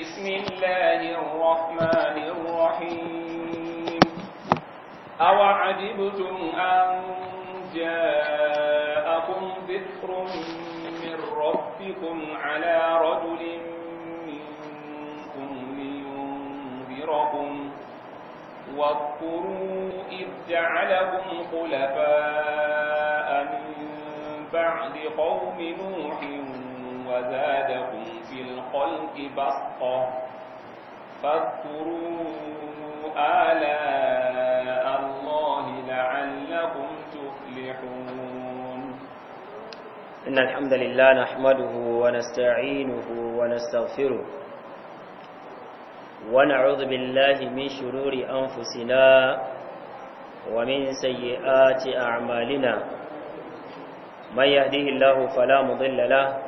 بسم الله الرحمن الرحيم أوعجبتم أن جاءكم ذكر من ربكم على رجل منكم لينذركم واذكروا إذ جعلكم خلفاء من بعد قوم نوح وزادهم في الخلق بسطة فاذكروا آلاء الله لعلكم تفلحون إن الحمد لله نحمده ونستعينه ونستغفره ونعوذ بالله من شرور أنفسنا ومن سيئات أعمالنا من يهديه الله فلا مضل له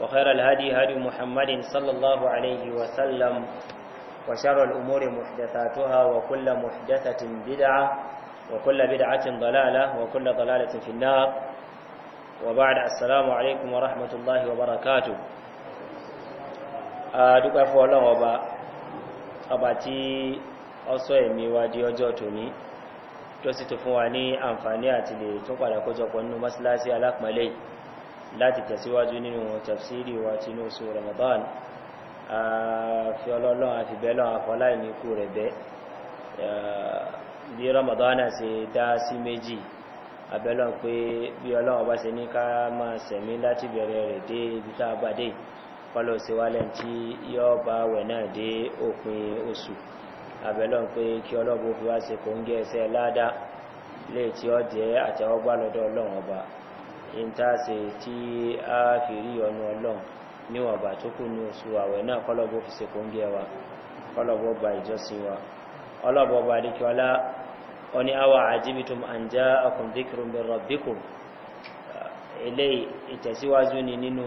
وخير الهدي هدي محمد صلى الله عليه وسلم وشر الأمور محدثاتها وكل محدثة بدعة وكل بدعة ضلالة وكل ضلالة في النار وبعد السلام عليكم ورحمة الله وبركاته أدوك آه، أفو الله وبا أباتي أصوى ميوادي وجوتني tó sì tó fún wa ní àǹfààní àti lè tún padà kójọpọ̀ nínú mọ́síláṣí alápàálẹ́ yìí láti tẹ̀síwájú nínú tafsiri wa tí ní oṣù ramadan a fi ọlọ́lọ́ àti bẹ́lọ́ àfọlá ìníkú rẹ̀ bẹ́ bí ramadan ṣe dá sí méjì abẹ́lọ́ pé bí ọlọ́wọ́ bá ṣe ní ká máa sẹ̀mí láti bẹ̀rẹ̀ rẹ̀ dé ibi tá a bá dé kọ́lọ̀ sí wálẹ̀ tí yọ́ bá wẹ̀ náà dé ìntàṣe tí a fi rí ọ̀nà ọlọ́run níwọ̀n bà tó kù ní oṣù àwẹ̀ náà kọ́lọ̀bọ̀ fi se kóńgẹ́ wa kọ́lọ̀bọ̀ bá ìjọsìn wa ọlọ́bọ̀ bá dìkọ́lá ọni awa àjíbìtùm àǹjá ọkùn díkìrùn bí rọ̀bíkù ilé ìtẹ̀síwájú ni nínú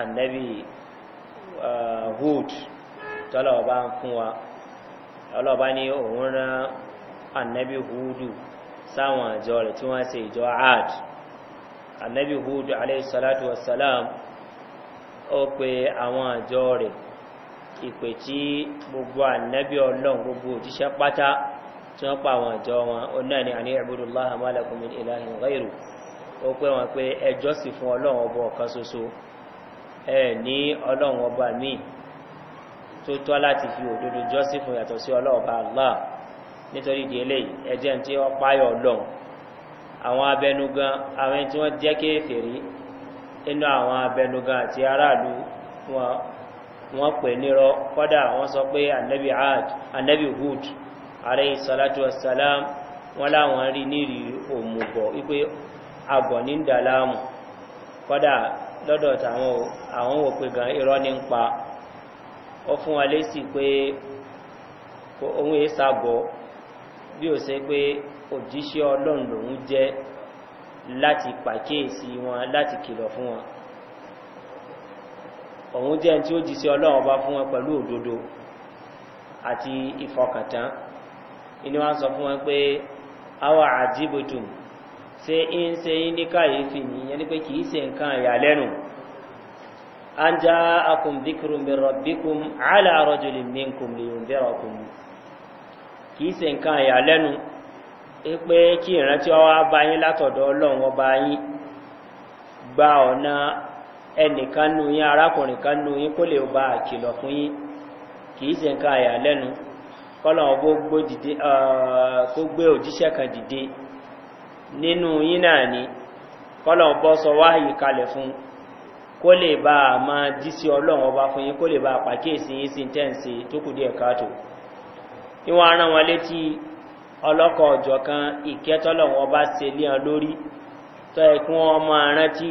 annabi hood sáwọn àjọ rẹ̀ tí wọ́n ṣe ìjọ ad anabi hudu aleyhisalatu wasalam ó pe àwọn àjọ rẹ̀ ìpè tí gbogbo anabi ọlọ́run gbogbo òjíṣẹ́ pátá tí wọ́n pa àwọn àjọ wọn ó náà ni àní abudulayi amalakumin ilahi ghairu ó pé wọn pé ẹjọ́ sì fún ọlọ́run ọba ọ̀kan ẹ ní ọlọ́run ọba míì tó tọ́ fi òdodo fún yàtọ̀ sí nítorí di eléyìí ẹjẹ tí wọn páyọ lọhùn àwọn abẹnugan àwọn tí wọn jẹ kéèfèrí inú àwọn abẹnugan àti aráàlú wọn wọn pè nírọ kọdà wọn sọ pé anabi ad anabi hood alayhi salatu wasalam wọn láwọn rí nírì òmùgọ wípé àgọ ní dàlámù kọdà lọdọ tàwọn àwọn wò pé gan irọ ní ń pa ó fún wa lésì pé òun èé bí ó ṣe pé òjíṣẹ́ ọlọ́run lòun jẹ́ láti pàkíyèsí wọn láti kìlọ̀ fún wọn òun jẹ́ tí ó jíṣẹ́ ọlọ́run ọba fún wọn pẹ̀lú òdodo àti ìfọkàntán inú wa sọ fún wọn pé awa àjíbùtù ṣe ń ṣe ní káyéfì ní yẹn ni pé kìí ṣe nǹkan ìyàlẹ́nu an já akùn díkùrùmí rọ̀bíkùn aláàrọ̀jùlì mínkùn lè yùn bẹ́rọ̀ kìí se nǹkan ẹ̀yà lẹ́nu pé kí ìrántí ọwá bá yín látọ̀dọ̀ ọlọ́run ọba yín gba ọ̀nà ẹnìkan nù yín arákùnrin kan yín kó lè ba fún yín kìí se nǹkan lẹ́nu kọ́lọ̀n kó gbé òjíṣẹ́ kan dìde nínú yín náà ni kọ́lọ̀n bọ́ sọ fún yín kó lè níwọ̀n aràn wọn létí ọlọ́kọ̀ ọ̀jọ̀ kan ìkẹ́tọ́lọ̀ wọn bá se lé hàn lórí tọ́ ẹ̀kún ọmọ àrántí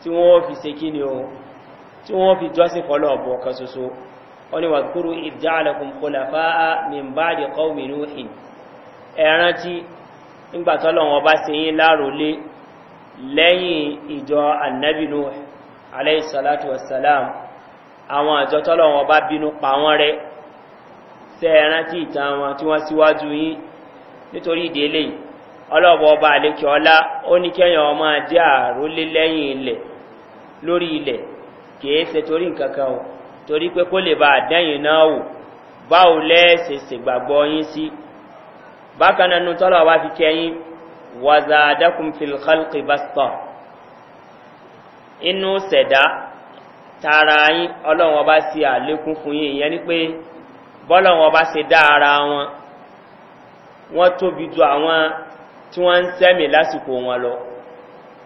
tí wọ́n fi se kí ni o tí wọ́n fi jọ́sìn fọ́lọ̀ ọ̀bọ̀ kan soso wọ́n ni wàkúrú ìdáàlẹ̀kùn kọlàfáà mìmbáàdì kọ́wì núhìn ẹ̀rántí nígbàtọ́lọ̀ wọn bá se yín lárólé lẹ́yìn ìjọ annabinu aláìsàlátù wasalam àwọn àjọ tọ́lọ̀ wọn bá bínú tẹ́ ẹrántí ìta wọn tí wọ́n síwájú yín nítorí ìdílé ọlọ́ọ̀bọ̀ ọba àlékè ọlá ó ní kẹ́yàn ọmọ adé àrólé lẹ́yìn ilẹ̀ lórí ilẹ̀ kìí ṣe torí nǹkan kan o torí pé kó lè ba àdẹ́yìn náà wò báwo lẹ́ẹ̀ṣẹ̀ ṣègbàgbọ́ yín sí bákan inú ṣẹ̀dá tààrà yín ọlọ́run ọba sí àlékún fún yín ìyẹn ni pé bọ́lọ̀ wọn bá se dá ara wọn wọ́n tóbi ju àwọn tí wọ́n ń sẹ́mì lásìkò wọn lọ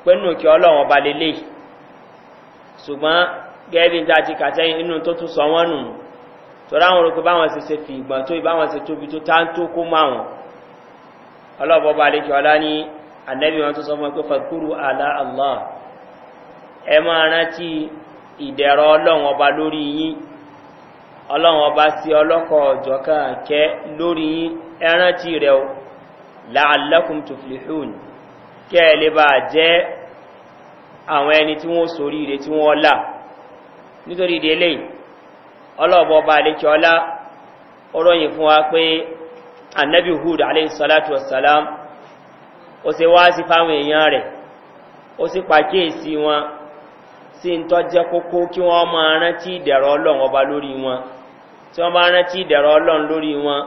pẹ́nu kí ọlọ́wọ́n bá lélẹ̀ ṣùgbọ́n gẹ́gẹ́ bí ti kàtẹ́yìn inú tó tún sọ wọ́n nù tọ́lá àwọn orúkọ báwọn ṣe ṣe fi ìgbọ̀n tó ìbáwọn ṣe tóbi tó táńtó kó máa ọlọ́bọ̀ bá lè kí ọlá ní ànẹ́bí wọn tó sọ fún ẹ pé fàkúrú àlá allah ẹ máa rántí ìdẹ̀rọ ọlọ́wọ́n ọba lórí yín ọlọ́run ọba sí ọlọ́kọ̀ ọjọ́ kan kẹ́ lórí ẹran tí rẹ̀ o láàlẹ́kùn tó flihun kẹ́ ẹ lè bá jẹ́ àwọn ẹni tí wọ́n sórí ire tí wọ́n là nítorí ìdílé ọlọ́ọ̀bọ̀ ọba àlékẹ́ ọlá ọlọ́yìn fún wa pé annabi hud aleyhisalatu sí fáwọn èèyàn rẹ̀ kókó kí wọ́n máa rántí ìdẹ̀rọ ọlọ́run ọba lórí wọn tí wọ́n bá rántí ìdẹ̀rọ ọlọ́run lórí wọn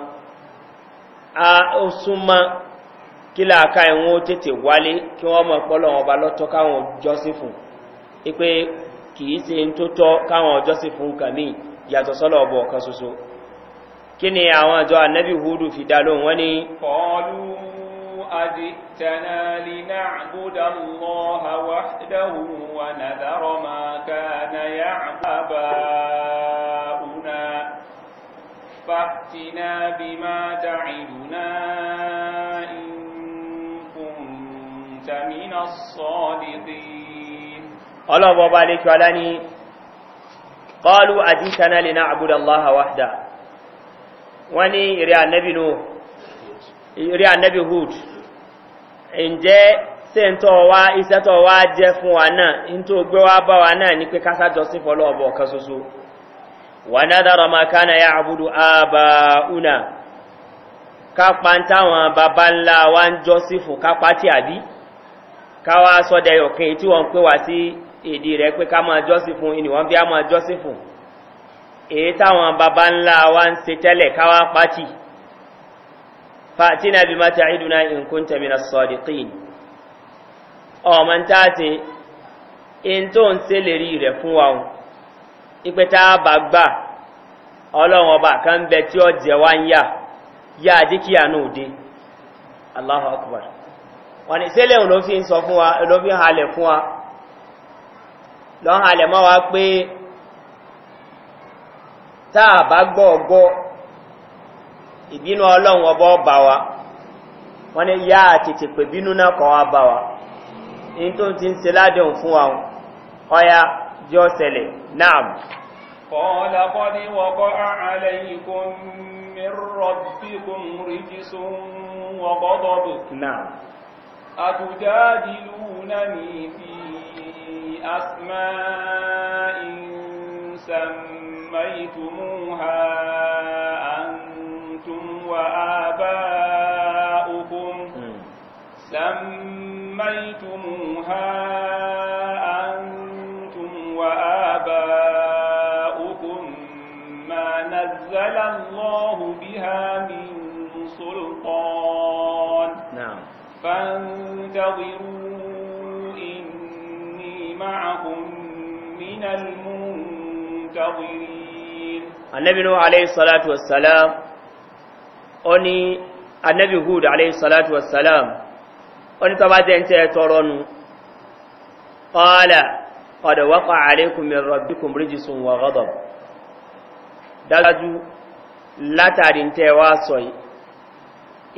a ó súnmọ́ kí láàká ìwọ̀n ó tètè wálé kí wọ́n mọ̀ pọ́lọ̀ wọn lọ́tọ́ káwọn jọ́sí fún ipé kìí se ń tó tọ́ káwọn jọ́sí fún kàmí yàtọ̀ sọ́lọ̀ ọ̀bọ̀ kan soso kí ni àwọn àjọ hudu fi dá lóhun wọ́n ni na فأتنا بما تعدنا إن كنت من الصادقين الله بابا عليك ولاني قالوا أجيتنا لنعبد الله وحده واني إريا النبي نوح إريا النبي هود إن جاء sẹ́ntọ́ wá iṣẹ́ tọ́ wá jẹ́ fún wa náà ní tó gbé wá bá wa náà ní pé kásá jọ sí fọ́lọ́ ọ̀bọ̀ kan ṣoṣo wà nádàrà ma kánà ya àbúdó àbáúnà kápa ń táwọn bàbá ńlá wá ń jọ sí fún kápa tí àbí káwá sọ́dẹ̀ ọ̀kẹ́ tí wọ́n pè wá sí èdè rẹ̀ pé ká máa jọ sí fún ìníwọ̀n bí a máa jọ sí fún èyí táwọn bàbá ńlá wá ń se tẹ́lẹ̀ káwá pátì fàtínà bí mata ìdúná ìkúntẹ̀mìnà sọ̀dìkín ọmọ táàtì in tó ń se rẹ̀ fún wa ipe tá a bá ọba kan bẹ tí ó jẹ wá ń yà yá àdíkìyà náà dé wọn ìṣẹlẹ òun ló fi wa ló fi ń fún wa lọ wa pé bá gbọ́ ọgbọ́ ọba ọba wa wọn ni yá àtètè pè bínú náà kọ́ wa bá yóò sẹlẹ̀ náà. kọ́lá kọ́ni wọ́kọ́ àlẹ́yìnkùn mìírọ̀bíkùn rìjísùn wọ́gọ́dọ̀bù. náà. àtùjádìlúnàmì fi أسماء سميتموها أنتم وآباؤكم سميتموها من سلطان نعم فانتظروا إني معكم من المنتظرين النبي نوح عليه الصلاة والسلام أني النبي هود عليه الصلاة والسلام أني طبعا أنت ترون قال قد وقع عليكم من ربكم رجس وغضب دادو látàrí tẹ́ wá sọ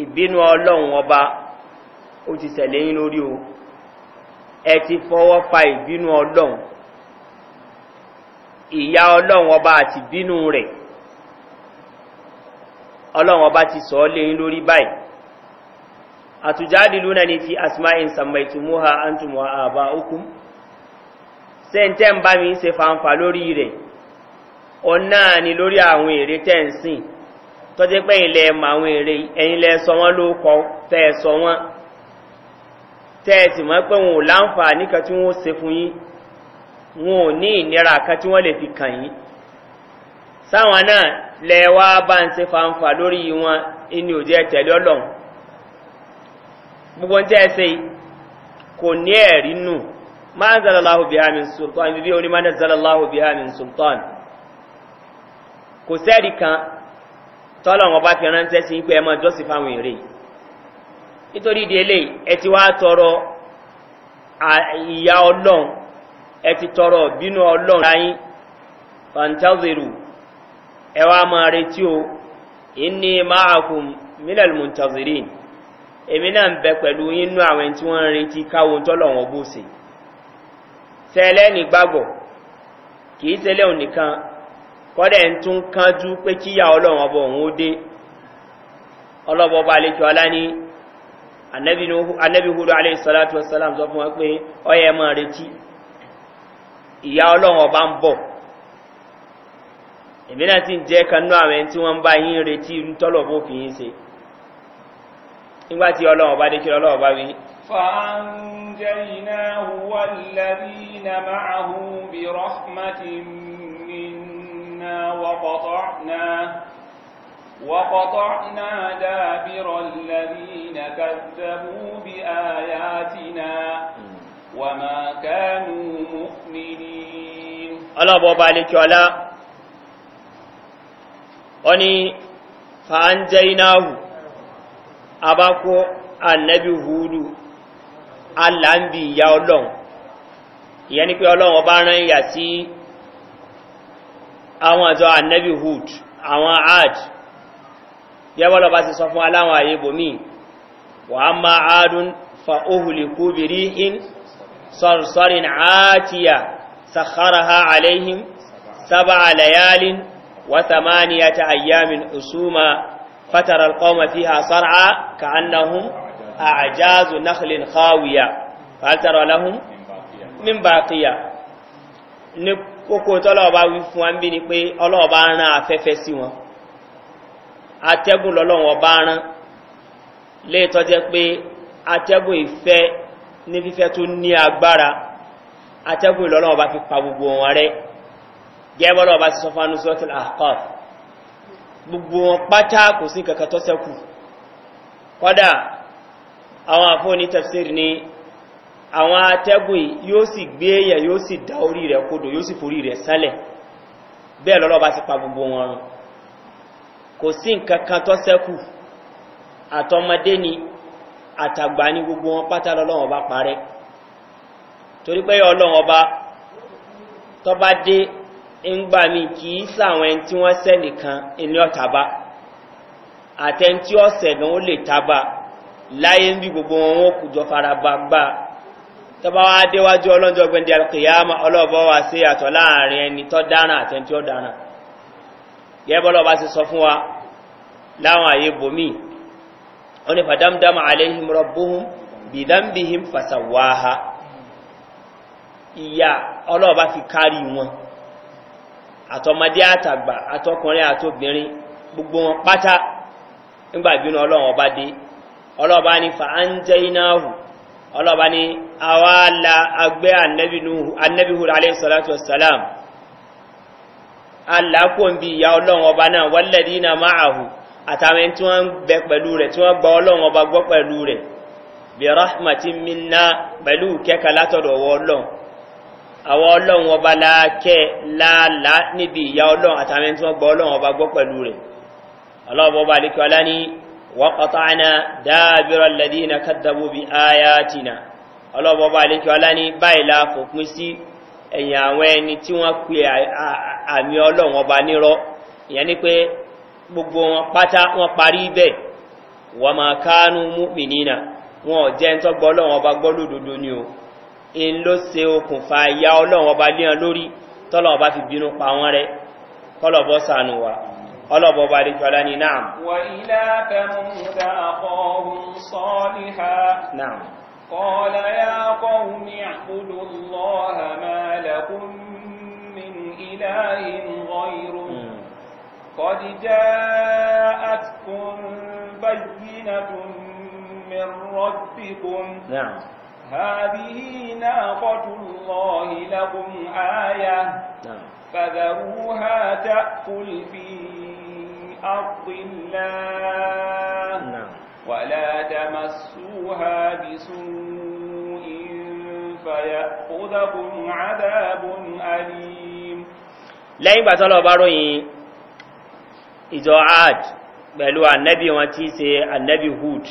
ìbínú ọlọ́run ọba ó ti o ẹ ti fọwọ́ fa ìbínú ọlọ́run ìyá ọlọ́run ọba àti bínú rẹ̀ ọlọ́run ọba ti sọ lé yín lórí báyìí àtùjáde lúnà ní fi asma'in sàmàìtùmúha antumwa àbá okùn sẹ́ntẹ́ ń bá mi ń se fanfa lórí rẹ̀ ọ̀nà ni lórí àwọn èrè tẹ́ǹsìn tó jẹ́ pé ilẹ̀ ẹ̀mọ̀ àwọn èrè ẹ̀yìn sọ wọ́n ló kọ tẹ́ wọ́n tẹ́ẹ̀sì mọ́ pé wọn ò láǹfà níkà tí wọ́n se fún yí wọn ò ní ìnira kan tí wọ́n lè fi kàn yí sáwọn náà lẹ́wà bá ń se fanfà lórí wọn inú òjẹ́ tẹ̀lé ọlọ́run gbogbo tẹ́ẹ̀sì kò ní ẹ̀rí nù máa ń sultan kò sẹ́rì kan tọ́lọ̀wọ̀n bá fi ránṣẹ́ sí ẹmọ jọ́sìn fáwọn èrè nítorí ìdí ẹ ti wá tọrọ ìyá ọlọ́run ẹ ti tọrọ bínú ọlọ́run láyín fantaziru ẹ wá máa retí o inni ma'akum milal muntazirin èmi náà ń bẹ pẹ̀lú inú àwọn tí wọ́n ń retí bó kọ́dẹ̀ ń tún kánjú pé kíyà ọlọ́run ọbọ̀ òun ó dé ọlọ́bọ̀ bá lẹ́jọ́ alá ní anábìhúrú aléìsọ́látù wasalam sọ fún wọn pé ọyẹ mọ́ retí ìyá ọlọ́run ọba ń bọ̀ èmi náà ti ń jẹ́ kanú àwọn ẹni tí bá yín retí tọ́lọ̀ wọ́n lẹ́rìí na máa hù bí rọ́fmátì سمعنا وقطعنا وقطعنا دابر الَّذِينَ كذبوا بِآيَاتِنَا وَمَا كَانُوا مُؤْمِنِينَ الله بابا عليك ولا أني فأنجيناه أباكو النبي هود الأنبياء الله يعني كي الله أبانا يأتي àwọn àjọ annabi hood àwọn ad yẹ́wọ́lọ́ bá ti sọ fún aláwọ̀ ayé bòmí wà á máa adún fa ohùlì kú bìrí in sọ̀rọ̀sọ̀rin àtíyà sàkàràhà aláìhim sábà alayalin wàtàmáníyà ta ayyamin usuma fàtàrà alkọ́mà fi hasar'a ka ajazu nakhlin khawiya fatar alahun min baqiya kókó tọ́lọ́ọ̀bá wí fún wa ń bí ni pé ọlọ́ọ̀bá rán afẹ́fẹ́ sí wọn atẹ́gùn lọ́lọ́wọ́ bá rán léètọ́ jẹ́ pé atẹ́gùn ìfẹ́ ní fífẹ́ tó ní agbára atẹ́gùn lọ́lọ́wọ́ bá fi pa gbogbo wọn rẹ gẹ́bọ́lọ́ ti sọ fún anúsọ́tìl àwọn atẹ́gùn yóò sì gbé èyàn yóò sì dá orí rẹ̀ kodò yóò sì forí rẹ̀ sálẹ̀ bẹ́ẹ̀ lọ́lọ́ba ti pa gbogbo wọn rùn kò sí nǹkan kan tó sẹ́kù àtọmọdé ni àtàgbà ni gbogbo wọn pátá lọ́lọ́wọ́n bá parẹ́ torí pé ọlọ́wọ́n bá tọ́ba dé ńgbà mi kì í sàwọn ẹni tí wọ́n sẹ́ nìkan ilé ọ̀tá bá ọ̀sẹ̀ náà ó lè tábà láyé ń bí gbogbo wọn wọn kùjọ fara gbagba tọba wá déwájú ọlọ́njọ́ gbẹ̀ndẹ̀ alkiyama ọlọ́ọ̀bọ́ wa sí àtọ̀ láàrin ẹni tọ́ dáná àtẹni tí ó dáná gẹ́bọ́lọ́ bá ti sọ fún wa láwọn àyè bòmí ó ní fàdámdámà aléhìm rọ̀bùhùn bìdánbìhìm fàṣàwáha ìyá ọlọ́ọ̀bá fi kárí wọn àtọmọdé àtàgbà àtọkùnrin gbogbo wọn pátá ọba dé ọlọ́ọ̀bá ọlọ́ba ni àwa la agbẹ́ annabihu aleyhisalatu wasalam alákùn bí ìyá ọlọ́run ọba náà wọ́lẹ̀dí na máàhù àtàwọn tí wọ́n bẹ pẹ̀lú rẹ̀ tí wọ́n gba ọlọ́run ọba gbọ́ pẹ̀lú rẹ̀ bí rahmati minna pẹ̀lú kẹ́kà látọ̀dọ̀ ọwọ́ وقطعنا دابر الذين كذبوا بآياتنا ọlọ́bọ̀ bá lè kí ọlá ní báyìí láàfò pín sí ẹ̀yìn àwọn ẹni tí wọ́n pè àmì ọlọ́run ọba nírọ́ ìyẹn ni pé gbogbo wọn pátá wọn parí bẹ́ẹ̀ wọ́n máa káánú múmi nínà wọn ò jẹ́ tọ́gbọ́ ọlọ́run ọba ni o in ló se okùnfà ya ọlọ́run ọba léèyàn lórí tọ́lọ́run ọba fi bínú pa wọ́n rẹ kọ́lọ́bọ̀ sànù wà. ألا بابا رجلاني نعم وإلى ثمود أخاهم صالحا نعم قال يا قوم اعبدوا الله ما لكم من إله غيره قد جاءتكم بينة من ربكم نعم هذه ناقة الله لكم آية نعم فذروها تأكل في الأرض الله ولا تمسوها بسوء فيأخذكم عذاب أليم لا يبقى الله بارين إذا عاد pẹ̀lú annabi wọn tí ṣe annabi hood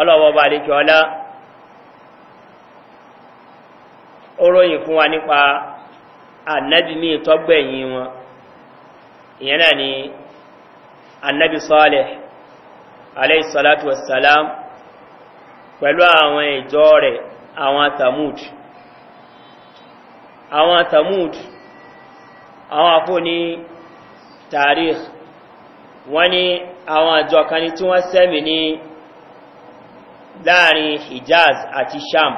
ọlọ́wọ́ bá lè ọlá ó ròyìn fún wa nípa annabi ìyẹn náà ni annabi sọ́ọ̀lẹ̀ aláìsọ́látù wasalam pẹ̀lú àwọn ìjọ rẹ̀ àwọn tamud àwọn tamud àwọn àfò ní tarikh wọ́n ní àwọn àjọ kan ní tí wọ́n sẹ́mì ní láàrin hijaz àti sham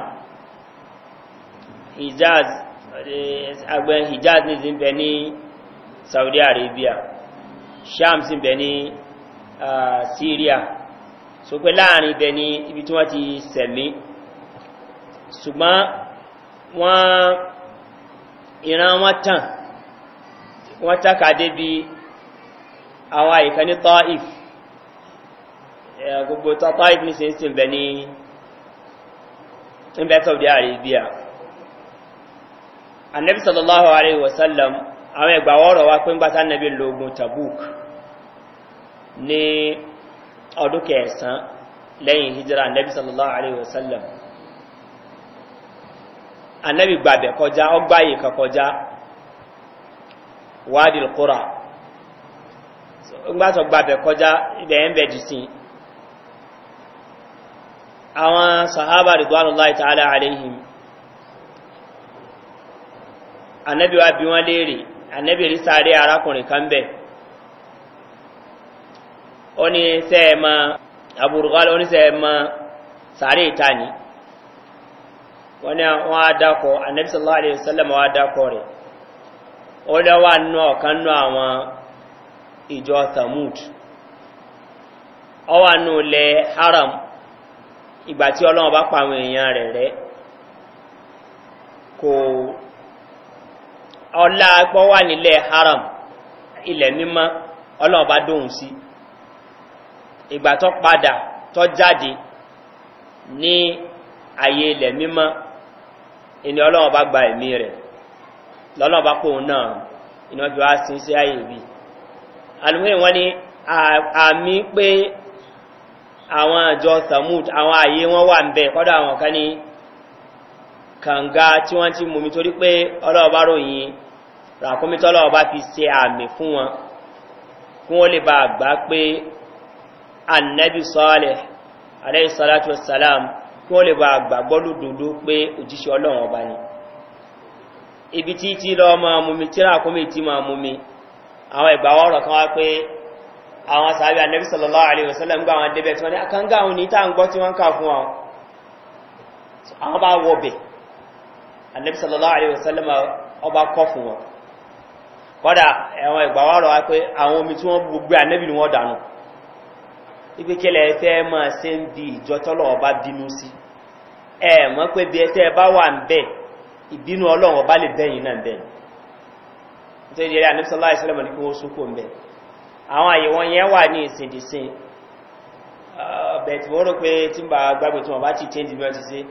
hijaz agbẹ̀ eh, hijaz ní zimbe saudi arabia sham sì bẹ̀ ní syria so pé láàrin ibẹ̀ ní ibi tí wọ́n ti sẹ̀mí ṣùgbọ́n wọ́n ìran wọn tàn wọ́n tàkà débi àwọn àyíká ní taif gbogbo taif ní sí sí ní ibẹ̀ saudi arabia annabi sallallahu alaihi wasallam àwọn ẹgbàwọ́rọ̀ wá pé ń gbátá nẹ́bí lóògùn tabuk ní ọdún kẹsàn lẹ́yìn hijira nẹ́bí sallallahu alaihi wasallam anẹ́bí gbàbẹ̀ kọjá ọgbáyé kan kọjá wádìí kúrà ngbátọ̀ gbàbẹ̀ kọjá ibẹ̀ ń bẹ̀ jù sí àwọn sahaba ridwanullahi ta'ala alaihim anẹ́bí wa bí wọ́n léèrè ànẹ́bìrí sáré arákùnrin kan bẹ̀ ó ní sẹ́ẹ̀mọ́ àbúrúkálẹ̀ ó ní sẹ́ẹ̀mọ́ sáré ìta ni wọ́n á dákọ̀ ànẹ́bì sallallahu alayhi wa sallam wá dákọ̀ rẹ̀ ó lọ́wọ́ nú ọ̀kan nú àwọn ìjọ thamud ọwà nú ilẹ̀ haram ìgbà tí ọlọ́wọ́ bá pa àwọn èèyàn rẹ̀ rẹ̀ kò ọlá agbọ́ wà haram ilẹ̀ mímọ́ ọlọ́run bá sí ìgbà tó padà tó jáde ní ayé ilẹ̀ mímọ́ ìní gba ẹ̀mí rẹ̀ lọ́lọ́run pòun náà iná wá sí sí ayé bí alùmíì wọ́n àmì pé àwọn àjọ samud àwọn àyè wọn wà ń kọ́dọ̀ àwọn kànga tí wọ́n ti mú mi torí pé ọlọ́ọ̀bá ròyìn ràkúnmí tọ́lọ́ọ̀bá fi ṣe àmì fún wọn kún ó lè bá àgbá pé annabi sọ́ọ̀lẹ̀ aláìsàlátù salam kún ó lè bá àgbà gbọ́lùdùdú pé òjíṣẹ́ ọlọ́run ọba ni ibi tí tí lọ máa mú mi tí ràkúnmí tí máa àwọn wasallam gbà wọn débẹ̀ tí wọ́n ní àkàngá àwọn bá wọ̀bẹ̀ anabi sallallahu alayhi wa ọba kọ́ fún wọn kọ́dà ẹ̀wọ̀n ìgbà omi tí gbogbo anabi ni wọ́n dànù ipe kẹlẹ̀ ẹ̀fẹ́ ma ṣe n di ìjọ ọba bínú sí wà ibinu ọba lè na náà bẹ́yìn nítorí sallallahu ni àwọn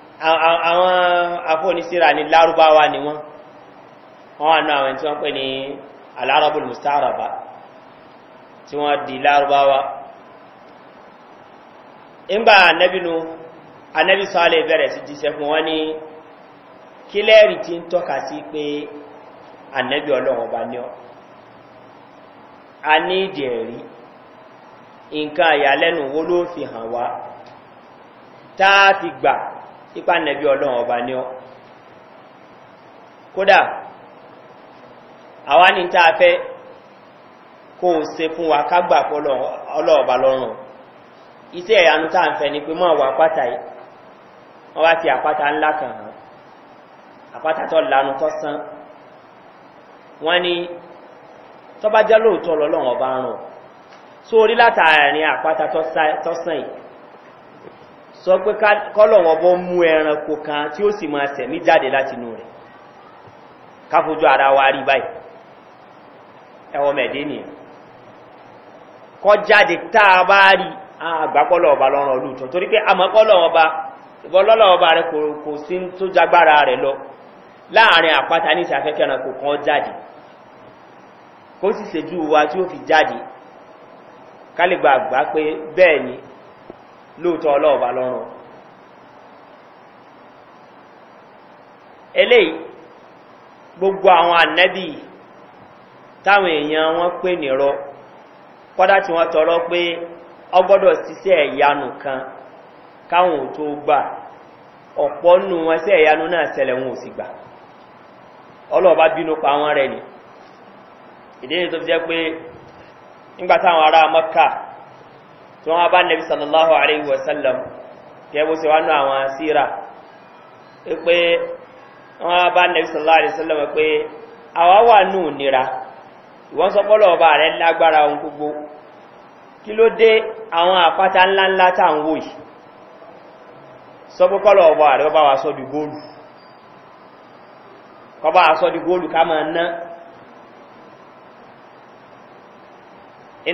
àwọn afọ́nisíra ni lárúbáwá ni wọ́n wọ́n wà náà àwọn tí wọ́n pè ní alárabul mustaraba tí wọ́n di lárúbáwá ìgbà anẹ́binu anẹ́bi sọ́lẹ̀ bẹ̀rẹ̀ sí jíṣẹ́ fún wọ́n ní kílẹ̀rì tí ń tọ́ka sí pé anẹ́bi ọlọ́wọ́ fi gbà ipa nẹ̀bí ọlọ́run ọba ní ọ kódà àwa ní tá a fẹ́ kó o se fún wa ká gbà pọ̀ ọlọ́ọ̀ba lọ́rùn iṣẹ́ ìyanu tá à ń fẹ́ ni pé máa wà pátá yìí wọ́n bá ti àpáta ńlá kan hàn àpáta tó lanu tó sán wọ́n ní tọ́bajá lóòótọ́ lọ́lọ́run ọba rùn sórí látàrin àpáta tó sán yìí sọ pé kọ́lọ̀ wọn bọ́ mú ẹranko kan tí ó sì máa sẹ̀mí jáde láti inú rẹ̀ káfojú ara wa rí báyìí ẹwọ mẹ̀dé nìyẹn kọ́ jáde tá a bá rí ọba lọ́rùn ọlụ torí pé àmọ́kọ́lọ̀ rẹ̀ kò sí tó jágbára lọ wa tí ó fi jáde pé bẹ́ẹ̀ ni lóòtọ́ ọlọ́ọ̀bá lọ́rùn eléyìí gbogbo àwọn ànẹ́bì táwọn èèyàn wọ́n pè nìrọ kọ́dá tí wọ́n tọrọ pé ọgbọ́dọ̀ síṣẹ́ ìyanu kan káwọn ò tó gbà ọ̀pọ̀ nù wọn sí ẹ̀yanu náà sẹlẹ̀ wọn ò sì gbà ọlọ́ọ̀bá bínú pa wọn rẹ̀ ni ìdí ni tó fi jẹ́ pé nígbà ará mọ́kà tí wọ́n bá nẹ̀bí sallallahu alayhi wasallam sallam gẹ́gbó sí wánú àwọn síra pé wọ́n bá nẹ̀bí sallallahu alayhi wasallam sallam pé awa wà nira ìwọ́n so pọ́lọ̀ ọba rẹ̀ lagbara ohun gbogbo kí ló dé àwọn àpáta nla tà ń wò yìí ọba rẹ̀ wa di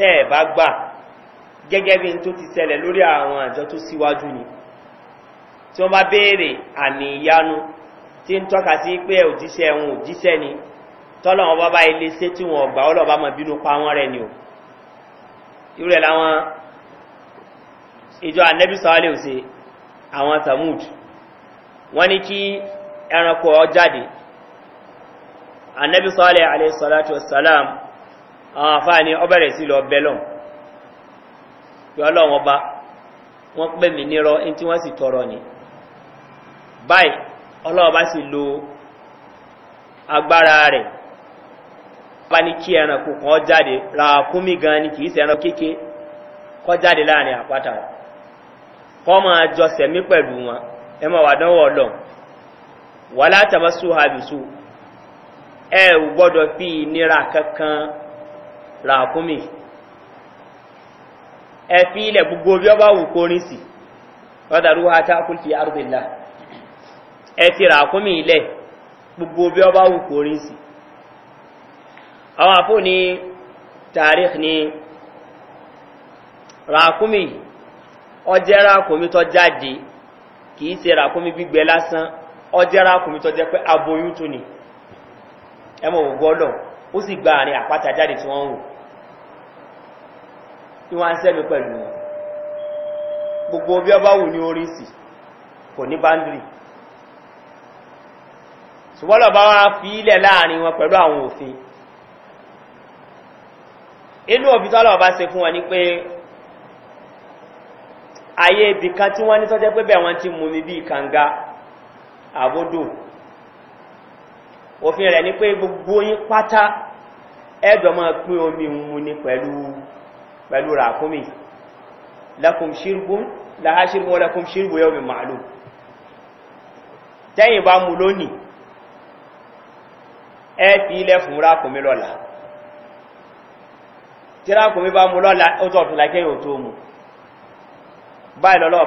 tẹ́ ẹ̀ bá gbà gẹ́gẹ́ bí n tó ti sẹlẹ̀ lórí àwọn àjọ tó síwájú ni tí wọ́n bá béèrè àmì ìyanu tí ń tọ́ka sí pé òjíṣẹ́ wọn òjíṣẹ́ ni tọ́lọ́wọ́n bá bá ilé ṣé tí wọn ọ̀gbà ọlọ́ba mọ̀ bínú pa wọ́n rẹ̀ ni o irú ẹ̀ láwọn ìjọ ànẹ́bí sọ́ọ́lẹ̀ òsè àwọn tamud wọ́n ní kí ẹranko ọ jáde ànẹ́bí sọ́ọ́lẹ̀ alẹ́ sọ́lá àwọn àfáà ni ọbẹ̀rẹ̀ sí lọ bẹ́lọ̀ pé ọlọ́run ọba wọ́n pè mí nírọ́ ẹni tí wọ́n sì tọrọ ni báyìí ọlọ́run bá sì lo agbára rẹ̀ bá ní kí ẹranko kan jáde ra kúmí gan ni kì í sẹ́ran kéke kọ́ jáde láàrin àpáta kọ́ máa jọ sẹ̀mí pẹ̀lú wọn ẹ máa wà dánwò ọlọ́run wà látàbásù àbìsù ẹ ò gbọ́dọ̀ fi ìnira kankan ràkúnmí ẹ fi ilẹ̀ gbogbo bí ọ bá wù kó rìn sí ọ̀dàrú ha tá kú ẹ fi ilẹ̀ gbogbo bí ọ bá wù kó rìn sí àwọn àpò ní tàríkì ní ọjẹ́ se ràkúnmí gbígbẹ lásán ọjẹ́ ràkúnmí tó jẹ́ pé aboyún tó ni ẹmọ ògbọ́lọ̀ ó sì gba àrin tí wọ́n ń sẹ́mi pẹ̀lú wọn gbogbo bí ọba wù ní orí sí kò ní báńdìrì ṣùgbọ́n lọ́ba wá fi ilẹ̀ láàrin wọn pẹ̀lú àwọn òfin inú òfin tọ́lọ̀ bá se fún wọn ni pé ayé ibì kan tí wọ́n ní tọ́jẹ́ pé bẹ̀ wọ́n ti mú mi bí kànga àbódò òfin rẹ̀ ni pé gbogbo yín pátá ẹ̀dọ̀ pín omi mu ni pẹ̀lú pẹ̀lú ràkúnmí lakum shirbu laha shirbu lakum shirbu yau min ma'alu tẹ́yìn bá mú lónìí ẹ fi ilẹ̀ fún ràkúnmí lọ́la tí ràkúnmí bá mú lọ́la ó tọ́ fún lákẹ́yìn tó mú báyìí lọ́lọ́wọ́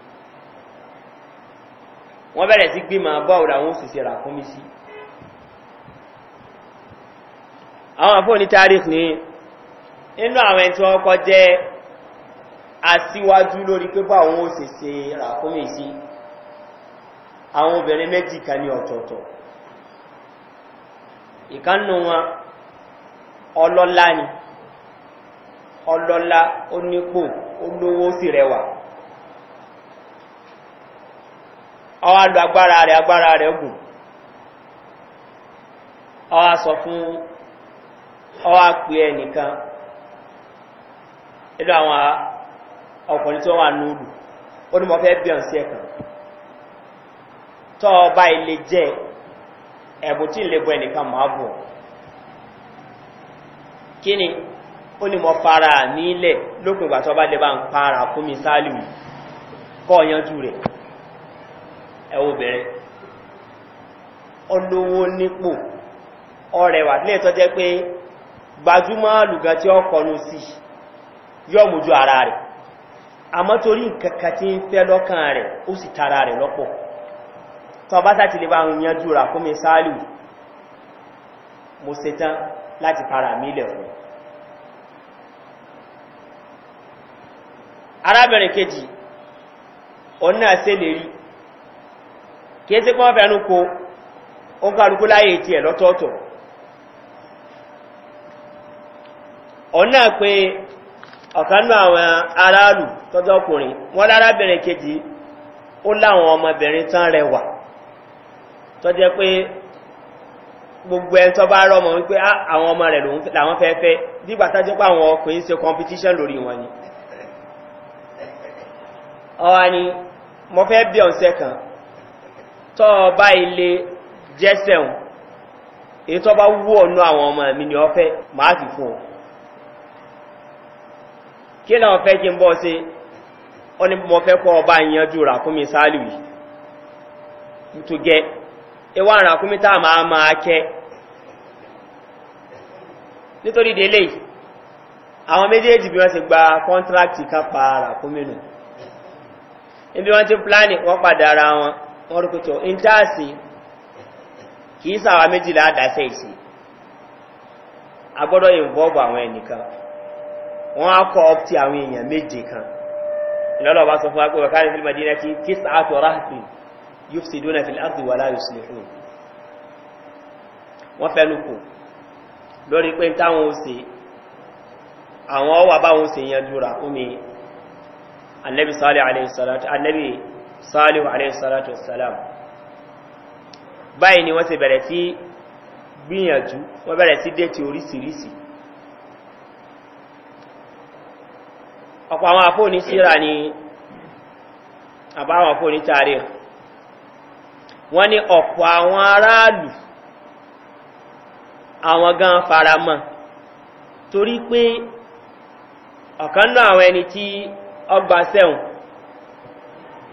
wọ́n bẹ̀rẹ̀ sí gbé máa bọ́ ọ̀rọ̀ àwọn òṣìṣẹ́ rà fún mi sí àwọn àfọ́ ní tariq ní inú àwọn ẹni tí wọ́n kọ́ jẹ́ asíwájú lórí pé bọ́ àwọn òṣìṣẹ́ rà fún mi sí àwọn obìnrin méjì kan ní ọ̀tọ̀ọ̀tọ̀ ìkánnù wọn ọlọ́lá ni ọlọ́lá onípò olówó sì rẹwà ọwá lọ agbára rẹ̀ agbára rẹ̀ gùn ọwá sọ fún ọwá pè ẹnìkan nínú àwọn ọkùnrin tí wọ́n wà núùlù ó ní mọ́ fẹ́ bí ọ̀n sí tọ́ ọba ilé jẹ́ ẹ̀bùn tí ìlébọ ẹnìkan máa bọ̀ kí ni ó ní mọ́ fara nílẹ̀ lópin ìgbà tọ́ bá ń para ẹwọ bẹ̀rẹ̀ olówó nípò ọrẹ̀wà ní ẹ̀tọ́ jẹ́ pé gbajúmọ́ lùgán tí ó sí yọ mújú ara rẹ̀ àmọ́ torí nkẹ̀kà tí ń fẹ́ lọ́kàn rẹ̀ ó tara rẹ̀ lọ́pọ̀ tọ́ bá sáti lè bá para arábìnrin kejì ọ̀nà rí kìí sí pọ́n fẹ́nu kó ó ń kàrùkú láyé tí ẹ̀ lọ́tọ́ọ̀tọ̀ ọ̀nà pé ọ̀kanú àwọn aráàlù tọ́jọ́kùnrin wọ́n lárábìnrin kejì ó láwọn ọmọbìnrin tán rẹwà tọ́jẹ́ pé gbogbo ẹ̀ tọ́ bá rọmọ wípé ah, àwọn ọmọ rẹ̀ fẹ́fẹ́ pé àwọn ọkùnrin se competition lórí wọn ni ọwá ni mo fẹ́ bí ọ̀sẹ̀ kan tọ́ ọba ilé jẹ́sẹ̀un èyí tọ́ bá wú àwọn ọmọ mi ni ọfẹ́ máa fi fún ọ kí lọ́wọ́ fẹ́ kí n bọ́ sí ọ ní mọ́ fẹ́ kọ́ ọba ìyanjú ràkúnmi sáàlùwì tó gẹ́ ẹwà ràkúnmi tá máa máa kẹ́ nítorí délé àwọn méjèèjì bí wọ́n ti gba kápa ibi wọ́n ti wọ́n padà ara wọ́n rúkútò in táàsì kìí sàwà méjìlá àdásẹ́ ìsì agbọ́dọ̀ ìvọ́bù àwọn ẹnìkan wọ́n á kọ́ ọpti àwọn èèyàn méje kan ìlọ́lọ́ sọ fún agbó wàkárí fil ki kí kí sàátọ̀ ráhìpì yóò sì ardi annabi salihu aleyhisalatu wasalam báyìí ni wọ́n ti bẹ̀rẹ̀ sí gbìyànjú wọ́n bẹ̀rẹ̀ sí dé ti orísìírísì ọ̀pọ̀ àwọn àfóòní síra ni àbáwọn àfóòní tààrí wọ́n ni ọ̀pọ̀ àwọn aráàlù àwọn gan faramọ́ torí pé ọ̀kan náà àwọn ẹni tí ọgbà sẹ́wọ̀n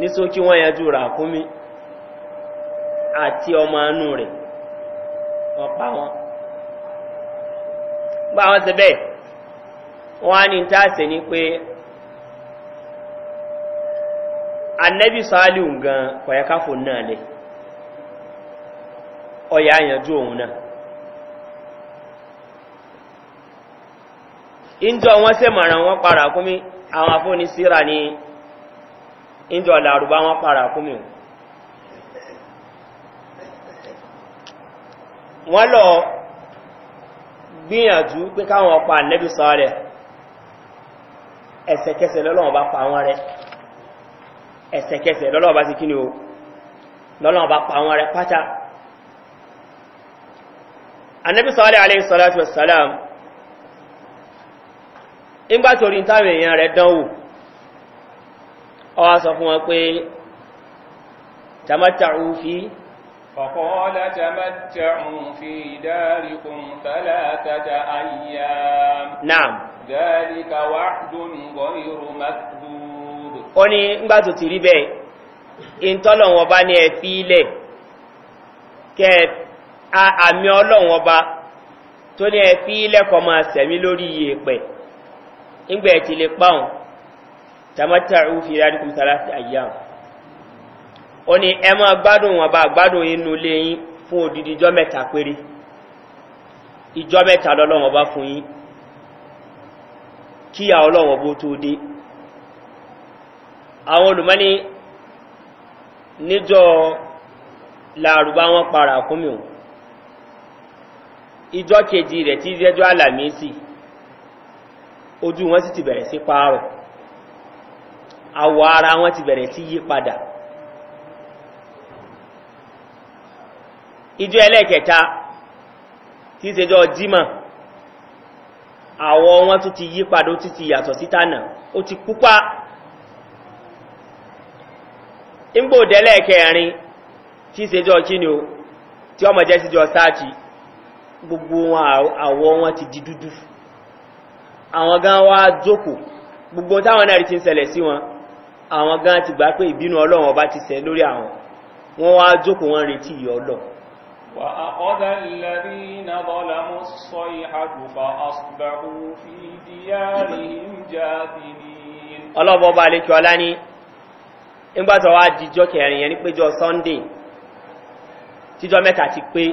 ní sókí wọ́n yanjú ràkúnmí àti ọmọ anú rẹ̀ wọ́n pa wọn gbá wọn sí bẹ́ẹ̀ wọ́n á ní tàṣẹ ní pé anẹ́bí sàálìun gan kọ̀yẹ́káfò náà lẹ́ ọya yanjú òun náà ìjọ wọn mara wọn para kúmí àwọn ni ọla làrùbá wọn para kú mi wọ́n lọ gbìyànjú pé káwọn ọpa nẹ́bí sọ rẹ̀ ẹsẹ̀kẹsẹ̀ lọ́lọ́wọ́ bá pa wọn rẹ̀ ẹsẹ̀kẹsẹ̀ lọ́lọ́wọ́ bá ti kí ni o lọ́lọ́wọ́ bá pa wọn rẹ̀ pátá annabi ọwá sọ fún wọn pé tamátàrú fi فقال تمتعوا في داركم ثلاثة أيام نعم ذلك وعد غير مكذوب ó ní ńgbà tó ti rí bẹ́ẹ̀ ìntọ́lọ̀wọ̀n bá ní ẹ̀fí ilẹ̀ kẹ àmì ọlọ́wọ̀n tó ní ẹ̀fí ilẹ̀ kọ tamatta'u fi dalikum thalathati ayyam oni ẹ máa gbádùn wọn bá gbádùn inú ilé yín fún odidi ijọ́ mẹ́ta péré ijọ́ mẹ́ta lọ́lọ́wọ́ bá fún yín kíyà ọlọ́wọ́ bó tó dé àwọn olùmọ́ni níjọ́ làrùbá wọn para fún mi ò ijọ́ kejì rẹ̀ tí ìjẹ́jọ́ àlàmísì ojú wọn sì ti bẹ̀rẹ̀ sí paárọ̀ àwọ̀ ara wọn ti bẹ̀rẹ̀ sí yí padà ẹlẹ́ẹ̀kẹta tí ìṣẹ́jọ́ jímọ̀ àwọ̀ wọn tún ti yí padà ó ti ti yàtọ̀ ó ti púpá ìgbòdẹ́lẹ́ẹ̀kẹrin tí ìṣẹ́jọ́ kíni o tí ọmọ jẹ́ gbogbo àwọ̀ wọn ti di dúdú àwọn gan wá gbogbo táwọn náà rí ti ń àwọn gan ti gbà pé ìbínú ọlọ́run ọba ti sẹ lórí àwọn wọ́n wá jókòó wọ́n retí ìyọ́ ọlọ́ ọlọ́bọ̀ ọba alẹ́kẹ́ ọlá ní ìgbàtọ̀ wá dìjọ́ kẹrin yẹn ní péjọ sunday tíjọ́ mẹ́ta ti pé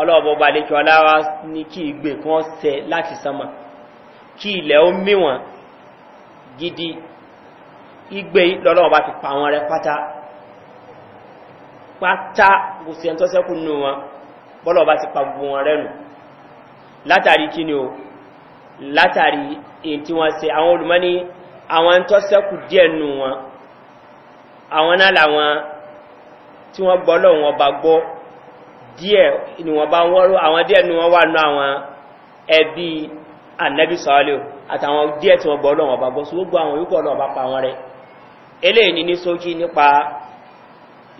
ọlọ́bọ̀ ọba alẹ́kẹ́ ọlá wá ní kí ìgbè kan sẹ láti sánmà kí ilẹ̀ ó míwọ̀n gidi igbe lọ́lọ́wọ́ bá ti pa wọn rẹ pátá pátá kò sí ẹ̀ntọ́ sẹ́kù nù wọn bọ́lọ̀ bá ti pa gbogbo wọn rẹ nù látàrí kí ni o látàrí èyí tí wọ́n se àwọn olùmọ́ni àwọn ẹ̀ntọ́ sẹ́kù díẹ̀ nù wọn àwọn náà làwọn tí wọ́n gbọ́ lọ́wọ́ wọn bá gbọ́ díẹ̀ ni wọ́n bá wọ́n àwọn díẹ̀ ni wọ́n wà nù àwọn ẹbí ànẹ́bí sọ́ọ́lẹ̀ àtàwọn díẹ̀ tí wọ́n gbọ́ lọ́wọ́ bá gbọ́ sí gbogbo àwọn yòókù ọlọ́wọ́ bá pa wọn rẹ̀ eléyìí ní sókí nípa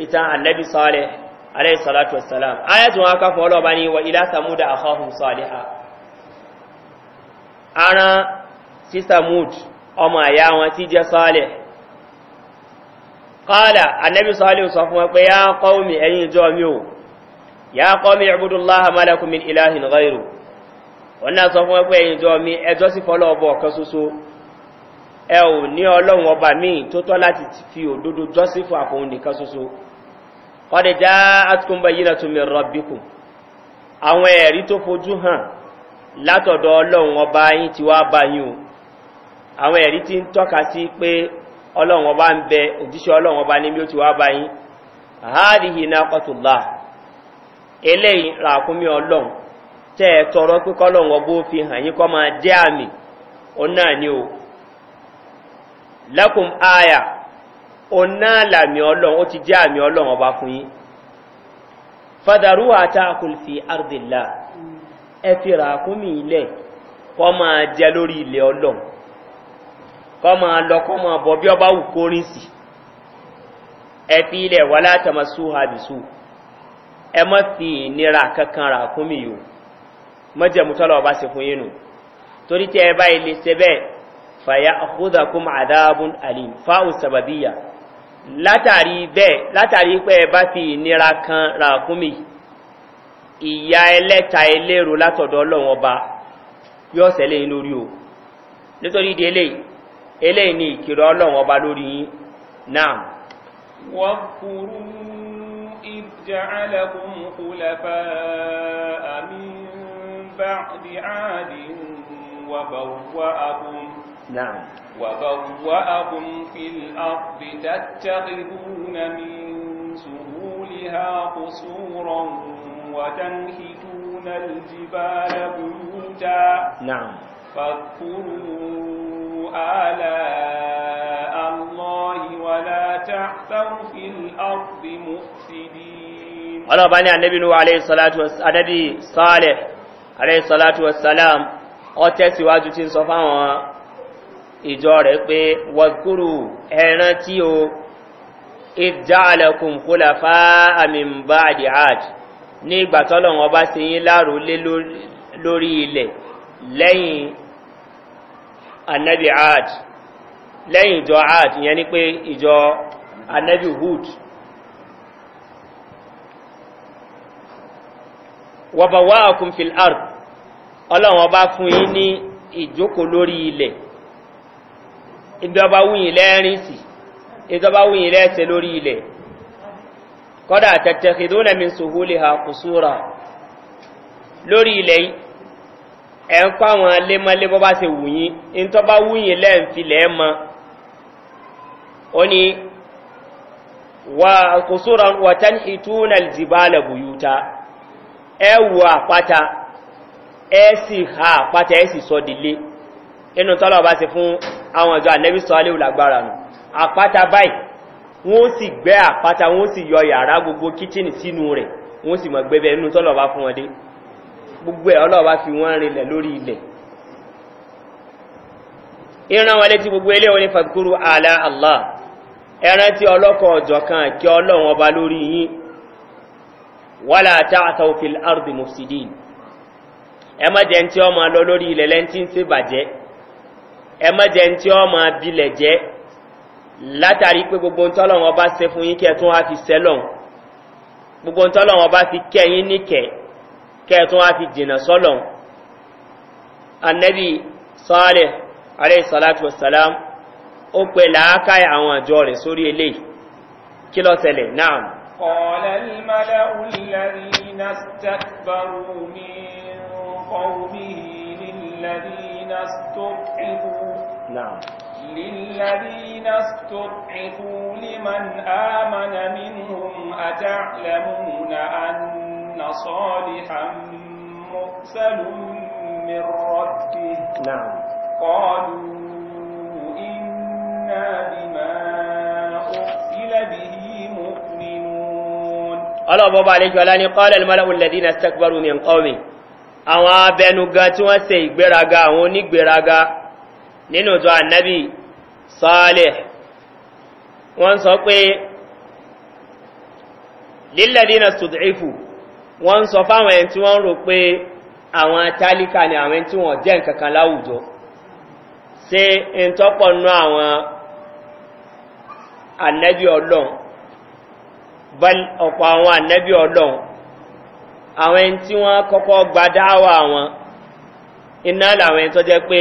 ìtàn annabi sọ́ọ̀lẹ̀ aláìsọ̀látù anya ayatun akáfọ́ ọlọ́ba ni wa ilá samuda akọ́hùn sọ́ọ̀lẹ̀ ha ara sí samud ọmọ àyà wọn tí jẹ́ sọ́ọ̀lẹ̀ kọ́lá annabi sọ́ọ̀lẹ̀ sọ fún ya kọ́ ẹ̀yìn ìjọ ya kọ́ mi ìbúdúláha malakumin ilahin gairu wannan sọ fún pé ẹ̀yìn ìjọ mi ẹjọ́ sí fọ́lọ́ ọbọ̀ kan soso ẹ ò ní ọlọ́run ọba míì tó tọ́ láti fi òdodo jọ́sí fún àfọ̀hún nìkan ṣoṣo ọdẹ já àtúkùnbà yìí látún mi biko àwọn ẹ̀rí tó fojú hàn látọ̀dọ̀ ọlọ́run ọba yín ti wá bá o àwọn ẹ̀rí ti ń tọ́ka sí pé ọlọ́run ọba ń bẹ òjíṣẹ́ ọlọ́run ọba níbi ó ti wá bá àhádìhì tọrọ pé kọ́lọ́run ọba ó fi hàn yín kọ́ máa o lakum aya ọ̀nà làmì ọlọ́run ó ti jẹ́ àmì ọlọ́run ọba fún yín fadaru ata kulfi ardilla ẹ fi ràkúnmí ilẹ̀ kọ́ máa jẹ lórí ilẹ̀ ọlọ́run kọ́ máa lọ kọ́ máa bọ̀ bí ọba wù kórin sí ẹ ilẹ̀ wà látàmà súhà bìsú ẹ mọ́ fi ìnira kankan ràkúnmí yòó mọ́jẹ̀mú tọ́lọ̀ ọba sì fún yín torí tẹ́ ẹ báyìí lè ṣe fàyàkúdàkùn àdáàbùn alim fáwọn sàbàbíyà látàrí bẹ́ẹ̀ látàrí pé ẹ bá fi ìnira kan ràkúnmí ìyá ẹlẹ́ta ẹlẹ́rù látọ̀dọ̀ ọlọ́run ọba yóò sẹ́lẹ̀ yín lórí o nítorí ìdí eléyìí eléyìí ni ìkìrọ̀ ọlọ́run ọba lórí yín náà. wọ́n kúrú ìjàálẹ̀kùn نعم وبوأكم في الأرض تتخذون من سهولها قصورا وتنهتون الجبال بيوتا نعم فاذكروا آلاء الله ولا تعثوا في الأرض مفسدين أنا بني النبي نوح عليه الصلاة والسلام النبي صالح عليه الصلاة والسلام أتسواجت صفاوة ìjọ rẹ̀ pé wàkúrù ẹran tí o ìjáàlẹ̀kùn kúlà fá àmìmbá àdìhàj ní ìgbàtọ́lọ̀ wọn bá se yín láàrù lé lórí ilẹ̀ lẹ́yìn anabi hajj lẹ́yìn ìjọ hajj yẹn ni pé ìjọ anabi hood art ọlọ́wọ́n bá fún ìjọba wúyìn lẹ́rin sí ìjọba wúyìn lẹ́ẹ̀tẹ̀ lórí ilẹ̀ kọ́dà tẹ̀tẹ̀kì dónàmí sòhólè ha kò súra lórí ilẹ̀ ẹ̀ ń kọ́ àwọn lémọ́lé bọ́ bá se wùyìn ìjọba wúyìn lẹ́ẹ̀fì lẹ́ẹ̀mọ́ ó wà kò súra wọ̀tán ìtúnà jìbálẹ̀ bùyúta ẹ àpáta ẹ sì ha àpáta ẹ sì sọ dìlé inú tọ́lọ̀ bá ti fún àwọn ìjọ ànẹ́bí sọ́ọ́lẹ́wù lágbára nù àpáta báyìí wọ́n sì gbẹ́ àpáta wọ́n sì yọ yàrá gbogbo kíchìnì sínú rẹ̀ wọ́n sì mọ̀ gbẹ́bẹ̀ inú tọ́lọ̀ bá fún wọn dé gbogbo ẹ̀ ọlọ́ọ̀bá fi wọ́n rinlẹ̀ lórí ilẹ̀ ìran wọn létí gbogbo ilé wọn ní fàkúrú àlá allah ẹran tí ọlọ́kọ̀ ọ̀jọ̀ ọmọ lọ lórí ilẹ̀ lẹ́ńtí ń ṣèbàjẹ́ ẹ ọ máa bilẹ̀ jẹ́ látàrí pé gbogbo ntọ́lọ́wọ́n bá se fún yín kẹ́ tún wá fi sẹ́lọ̀n gbogbo ntọ́lọ́wọ́n bá fi kẹ́ yín kẹ́ tún wá fi sọ́lọ̀n anabi sọ́ọ̀lẹ̀ alẹ́ wasalam ó pè làákàyè àwọn àjọ rẹ̀ sórí eléyìí kí lọ́ náà. قومه للذين نعم للذين استضعفوا لمن آمن منهم أتعلمون أن صالحا مرسل من ربه نعم قالوا إنا بما أرسل به مؤمنون الله بابا عليك ولا قال الملأ الذين استكبروا من قومه àwọn abẹnugan tí wọ́n se ìgbéraga àwọn nínú ìjọ annabi sọ́ọ̀lẹ̀ wọ́n sọ pé lílẹ̀dínà sùdìífù wọ́n sọ fáwọn ẹni tí wọ́n rò pé àwọn tálíkà ni àwọn tí wọ́n jẹ́ nkankan láwùjọ sí ìntọ́pọ̀ nú àwọn annabi ọlọ́n ọ̀pọ̀ àwọn annabi ọlọ́n àwọn tí wọ́n kọ́kọ́ gbadáwà wọn iná làwọn tó jẹ́ pé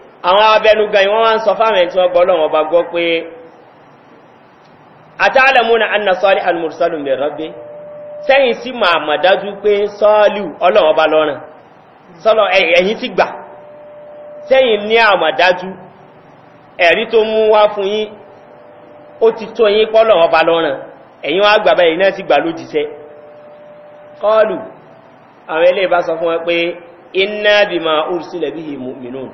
àwọn abẹnugan wọ́n wá ń sọ fáwọn ẹ̀tí wọ́n gbọ́lọ̀ wọn bá gbọ́ pé àtàlẹ̀múnà anna sọ́lì almursalu mẹ́ rọ́bí sẹ́yìn sí ma mà dájú pé sọ́ọ̀lù ọlọ́wọ́ bá lọ́rùn sọ́lọ̀ ẹ̀yìn ti gbà wá fún ẹ̀yìn náà ti gbà lójíṣẹ́ kọ́ọ̀lù àwọn ilé ìbá sọ fún wọn pé iná bí ma ó sílẹ̀ bí i mìíràn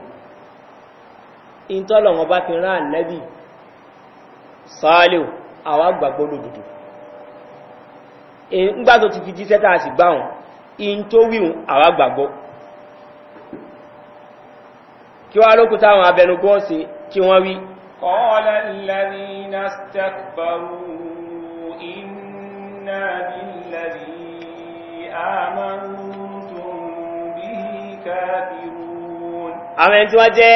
ìntọ́lọ̀ wọn bá fi rán ànẹ́bì sọ́ọ́lẹ̀ àwọn àgbàgbọ́ lòdòdò ńgbà tó ti fi jíṣẹ́ tàà sì gbáhùn in tó wíhùn àwọn àgbàgbọ́ kí wá lókù táwọn abẹnugọ́ sí kí wọ́n wí àwọn ẹni tí wọ́n jẹ́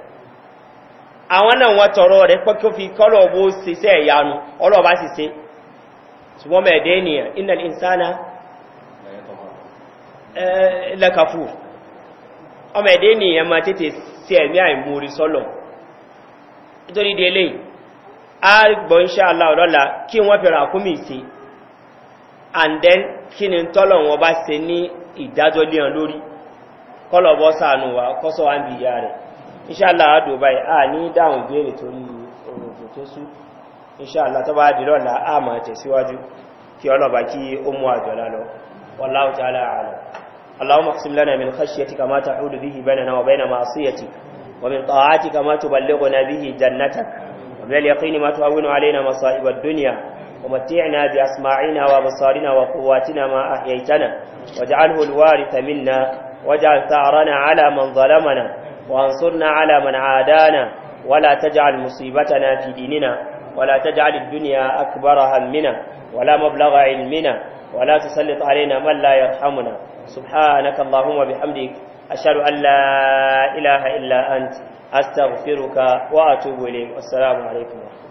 àwọn náà wọ́n tọrọ rẹ̀ pọ́ kí ó fi kọ́lọ̀ bó ṣiṣẹ́ ìyanu ọlọ́ọ̀bá ṣiṣẹ́ ṣùgbọ́n mẹ́ẹ̀dẹ́ ènìyàn iná ìsáná lẹ́kàfù ọmọ ẹ̀dẹ́ ènìyàn ma tètè sí ẹ̀mí àìmúrí sọ́lọ̀ nítorí délé àgbọ̀n iṣẹ́ aláọ̀lọ́la kí wọ́n fẹ́ra àkúmì sí and then kí ni tọ́lọ̀ wọn bá se ní ìdájọ́ lé hàn lórí kọ́lọ̀ bọ́ inṣàlá àádò báyìí a ní dáhùn ìbéèrè torí òòrùn tó sú inṣàlá tó bá dì lọ́la a máa tẹ̀síwájú kí ọlọ́ba kí ó mú àjọ̀lá lọ wọláwù tí aláàrẹ̀ اللهم اقسم لنا من خشيتك ما تحول به بيننا وبين معصيتك ومن طاعتك ما تبلغنا به جنتك ومن اليقين ما تهون علينا مصائب الدنيا ومتعنا بأسماعنا وبصارنا وقواتنا ما أحييتنا واجعله الوارث منا واجعل ثأرنا على من ظلمنا وانصرنا على من عادانا ولا تجعل مصيبتنا في ديننا ولا تجعل الدنيا أكبر همنا ولا مبلغ علمنا ولا تسلط علينا من لا يرحمنا سبحانك اللهم بحمدك أشهد أن لا إله إلا أنت أستغفرك وأتوب إليك والسلام عليكم ورحمة الله